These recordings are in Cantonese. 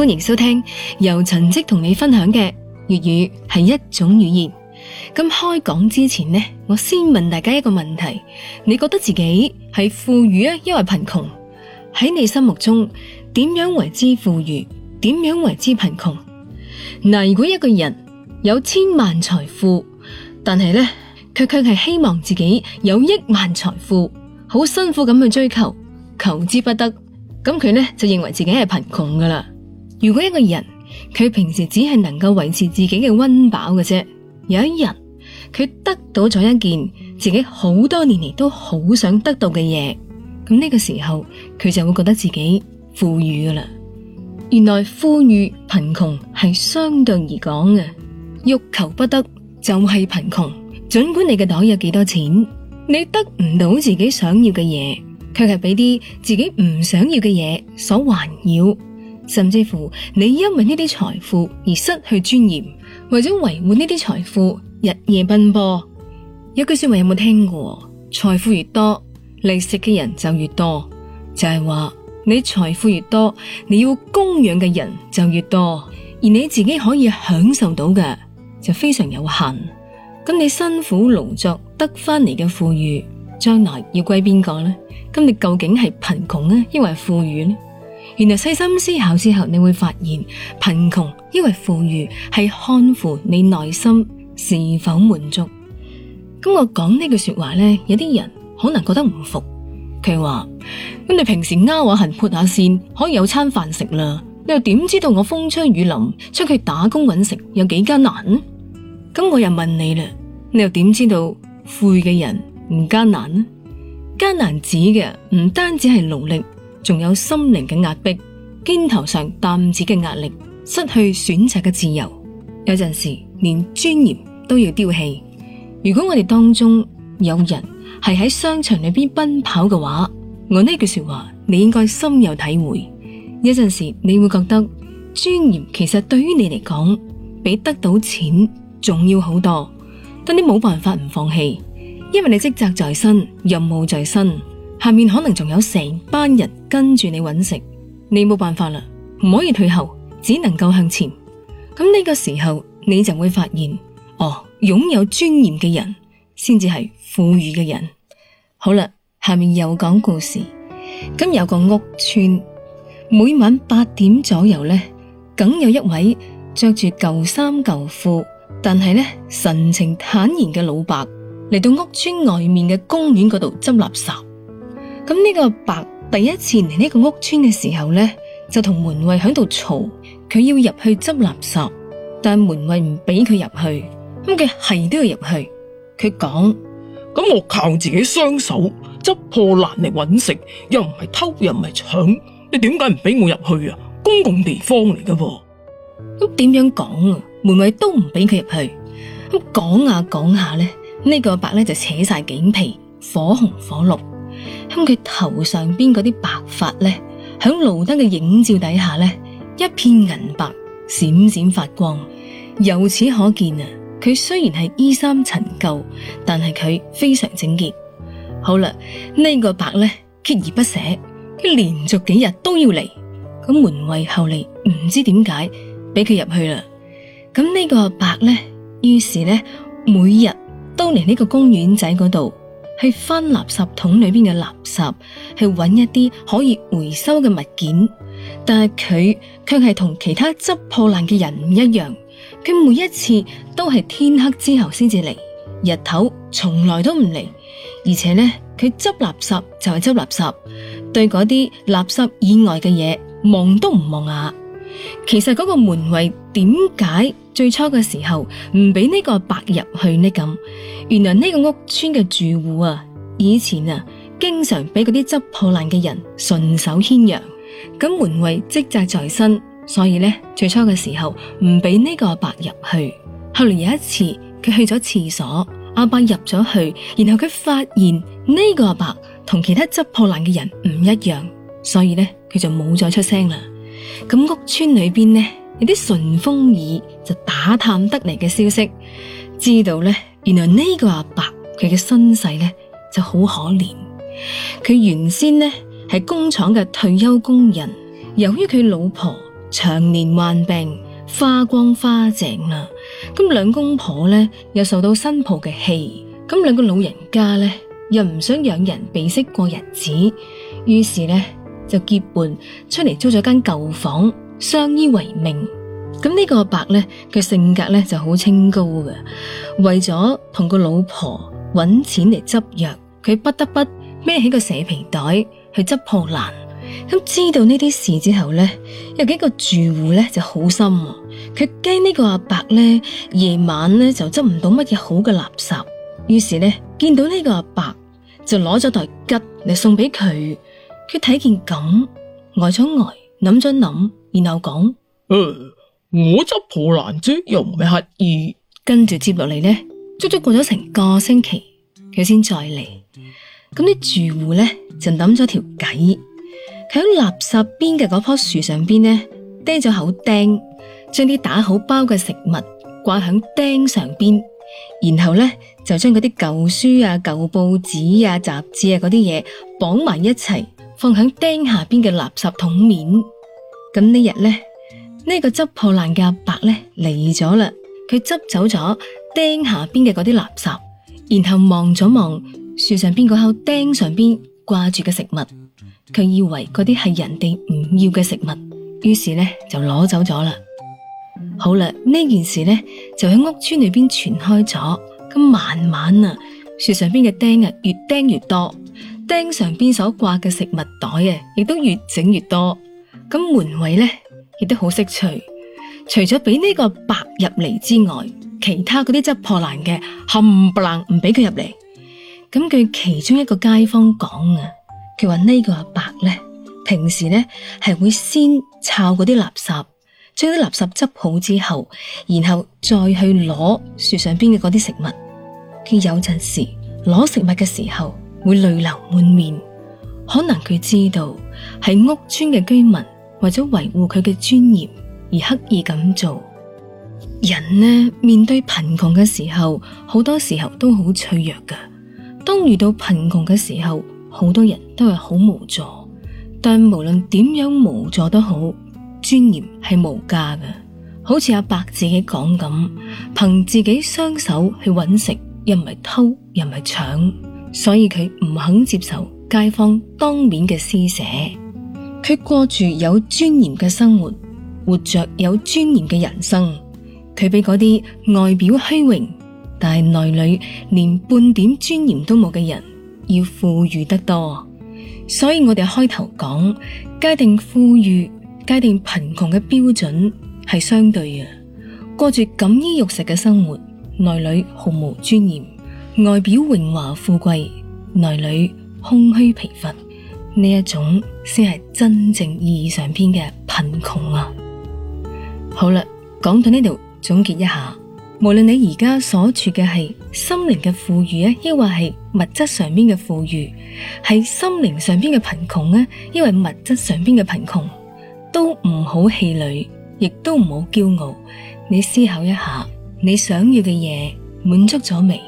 歡迎收聽，由陳迹同你分享嘅粵語係一種語言。咁開講之前呢，我先問大家一個問題：你覺得自己係富裕啊，因為貧窮？喺你心目中點樣為之富裕？點樣為之貧窮？嗱、呃，如果一個人有千萬財富，但係呢，佢卻係希望自己有億萬財富，好辛苦咁去追求，求之不得，咁佢呢，就認為自己係貧窮㗎喇。如果一個人佢平時只係能夠維持自己嘅溫飽嘅啫，有一日佢得到咗一件自己好多年嚟都好想得到嘅嘢，咁呢個時候佢就會覺得自己富裕㗎喇。原來富裕貧窮係相對而講嘅，欲求不得就係貧窮。盡管你嘅袋有幾多錢，你得唔到自己想要嘅嘢，卻係俾啲自己唔想要嘅嘢所環繞，甚至乎你因為呢啲財富而失去尊嚴，為咗維護呢啲財富日夜奔波。有句說話有冇聽過？財富越多，利息嘅人就越多，就係話你財富越多，你要供養嘅人就越多，而你自己可以享受到嘅就非常有限。咁你辛苦勞作得翻嚟嘅富裕，將來要歸邊個咧？咁你究竟係貧窮啊，抑或係富裕咧？原來細心思考之後，你會發現貧窮亦為富裕，係看乎你內心是否滿足。咁我講呢句說話呢，有啲人可能覺得唔服，佢話咁你平時拗下痕、潑下線，可以有餐飯食啦。你又點知道我風吹雨淋出去打工揾食有幾艱難呢？咁我又問你啦，你又點知道富裕嘅人唔艱難呢？艱難指嘅唔單止係勞力。仲有心靈嘅壓迫，肩頭上擔子嘅壓力，失去選擇嘅自由，有陣時連尊嚴都要丟棄。如果我哋當中有人係喺商場裏邊奔跑嘅話，我呢句說話你應該深有體會。有陣時你會覺得尊嚴其實對於你嚟講比得到錢重要好多，但你冇辦法唔放棄，因為你職責在身，任務在身。下面可能仲有成班人跟住你揾食，你冇辦法啦，唔可以退後，只能夠向前。咁呢個時候你就會發現哦，擁有尊嚴嘅人先至係富裕嘅人。好啦，下面又講故事。咁有個屋村，每晚八點左右呢，梗有一位着住舊衫舊褲，但係呢神情坦然嘅老伯嚟到屋村外面嘅公園嗰度執垃圾。咁呢個阿伯第一次嚟呢個屋村嘅時候咧，就同門衛喺度嘈，佢要入去執垃圾，但門衛唔俾佢入去。咁佢係都要入去，佢講：咁我靠自己雙手執破爛嚟揾食，又唔係偷又唔係搶，你點解唔俾我入去啊？公共地方嚟噶噃。咁點樣講啊？門衛都唔俾佢入去。咁講下講下咧，呢個阿伯咧就扯晒頸皮，火紅火綠。響佢頭上邊嗰啲白髮呢，響路燈嘅影照底下呢，一片銀白，閃閃發光。由此可見啊，佢雖然係衣衫陳舊，但係佢非常整潔。好啦，呢個白呢，鍥而不捨，佢連續幾日都要嚟。咁門衛後嚟唔知點解俾佢入去啦。咁呢個白呢，於是呢，每日都嚟呢個公園仔嗰度。去翻垃圾桶裏邊嘅垃圾，去揾一啲可以回收嘅物件。但係佢卻係同其他執破爛嘅人唔一樣，佢每一次都係天黑之後先至嚟，日頭從來都唔嚟。而且呢，佢執垃圾就係執垃圾，對嗰啲垃圾以外嘅嘢望都唔望下。其實嗰個門衛點解？最初嘅時候唔俾呢個阿伯入去呢咁，原來呢個屋村嘅住戶啊，以前啊經常俾嗰啲執破爛嘅人順手牽羊，咁門衛職責在身，所以呢，最初嘅時候唔俾呢個阿伯入去。後來有一次佢去咗廁所，阿伯入咗去，然後佢發現呢個阿伯同其他執破爛嘅人唔一樣，所以呢，佢就冇再出聲啦。咁屋村裏邊呢，有啲順風耳。就打探得嚟嘅消息，知道咧，原來呢個阿伯佢嘅身世咧就好可憐。佢原先咧係工廠嘅退休工人，由於佢老婆長年患病，花光花淨啦，咁兩公婆咧又受到新抱嘅氣，咁兩個老人家咧又唔想仰人鼻息過日子，於是咧就結伴出嚟租咗間舊房，相依為命。咁呢個阿伯咧，佢性格咧就好清高嘅。為咗同個老婆搵錢嚟執藥，佢不得不孭起個蛇皮袋去執破爛。咁知道呢啲事之後咧，有幾個住戶咧就，呢就好心，佢驚呢個阿伯咧夜晚咧就執唔到乜嘢好嘅垃圾，於是咧見到呢個阿伯就攞咗袋桔嚟送俾佢。佢睇見咁呆咗呆諗咗諗，然後講嗯。我執破爛啫，又唔係乞兒。跟住接落嚟呢，足足過咗成個星期，佢先再嚟。咁啲住戶呢，就抌咗條計，佢喺垃圾邊嘅嗰棵樹上邊呢，釘咗口釘，將啲打好包嘅食物掛喺釘上邊，然後呢，就將嗰啲舊書啊、舊報紙啊、雜誌啊嗰啲嘢綁埋一齊放喺釘下邊嘅垃圾桶面。咁呢日呢。呢個執破爛嘅阿伯呢，嚟咗啦，佢執走咗釘下邊嘅嗰啲垃圾，然後望咗望樹上邊嗰口釘上邊掛住嘅食物，佢以為嗰啲係人哋唔要嘅食物，於是呢就攞走咗啦。好啦，呢件事呢，就喺屋村裏邊傳開咗。咁慢慢啊，樹上邊嘅釘啊越釘越多，釘上邊所掛嘅食物袋啊亦都越整越多。咁門衛呢。亦都好識趣。除咗俾呢個伯入嚟之外，其他嗰啲執破爛嘅冚唪唥唔俾佢入嚟。咁據其中一個街坊講啊，佢話呢個阿伯咧，平時咧係會先抄嗰啲垃圾，將啲垃圾執好之後，然後再去攞樹上邊嘅嗰啲食物。佢有陣時攞食物嘅時候會淚流滿面，可能佢知道係屋村嘅居民，為咗維護佢嘅尊嚴而刻意咁做，人呢，面對貧窮嘅時候，好多時候都好脆弱㗎。當遇到貧窮嘅時候，好多人都係好無助。但無論點樣無助都好，尊嚴係無價㗎。好似阿伯自己講咁，憑自己雙手去搵食，又唔係偷，又唔係搶，所以佢唔肯接受街坊當面嘅施捨。佢過住有尊嚴嘅生活，活着有尊嚴嘅人生。佢比嗰啲外表虛榮但係內裏連半點尊嚴都冇嘅人要富裕得多。所以我哋開頭講界定富裕、界定貧窮嘅標準係相對嘅。過住錦衣玉食嘅生活，內裏毫無尊嚴；外表榮華富貴，內裏空虛疲乏。呢一種先係真正意義上邊嘅貧窮啊！好啦，講到呢度，總結一下，無論你而家所處嘅係心靈嘅富裕咧、啊，抑或係物質上邊嘅富裕，係心靈上邊嘅貧窮咧、啊，抑或物質上邊嘅貧窮，都唔好氣餒，亦都唔好驕傲。你思考一下，你想要嘅嘢滿足咗未？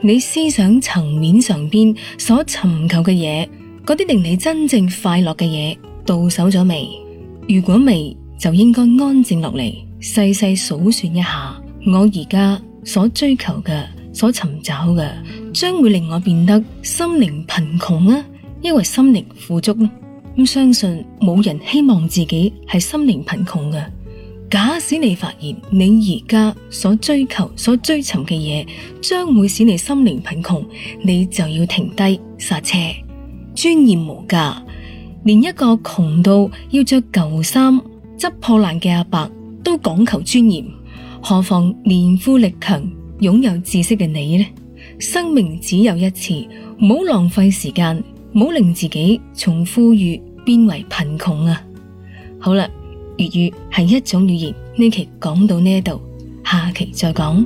你思想層面上邊所尋求嘅嘢？嗰啲令你真正快樂嘅嘢到手咗未？如果未，就應該安靜落嚟，細細數算一下，我而家所追求嘅、所尋找嘅，將會令我變得心靈貧窮啊！因為心靈富足啦。相信冇人希望自己係心靈貧窮嘅。假使你發現你而家所追求、所追尋嘅嘢，將會使你心靈貧窮，你就要停低剎車。尊嚴無價，連一個窮到要着舊衫、執破爛嘅阿伯都講求尊嚴，何況年富力強、擁有知識嘅你呢？生命只有一次，唔好浪費時間，唔好令自己從富裕變為貧窮啊！好啦，粵語係一種語言，呢期講到呢度，下期再講。